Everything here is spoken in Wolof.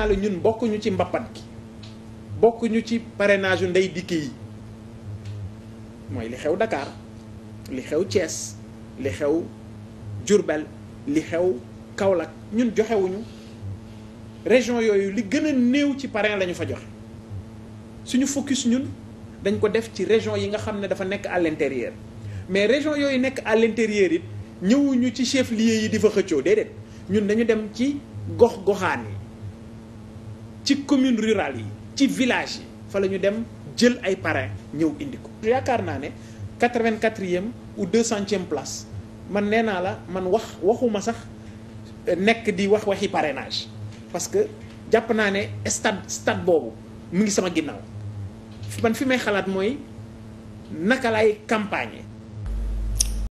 naa la ñun bokkuñu ci mbappat gi bokkuñu ci parenage yu ndey dikk yi mooy li xew Dakar li xew cees li xew Diourbel li xew Kaolack ñun joxewuñu région yooyu li gën a néew ci parrain la ñu fa joxe suñu fukki suñu dañ ko def ci région yi nga xam ne dafa nekk à l'intérieur mais région yooyu nekk à l'intérieur it ñëwuñu ci chef lieu yi di fa xëccoo déedéet ñun dañu dem ci gox goxaan yi ci commune rurale yi ci village yi fa la ñu dem jël ay parrain ñëw indi ko. yaakaar naa ne quatre-vingt-quatrième ou deux centième place man nee naa la man wax waxuma sax euh, nekk di wax waxi parrainage parce que jàpp naa ne stade stade boobu mu ngi sama ginnaaw man fi may xalaat mooy naka lay campagne.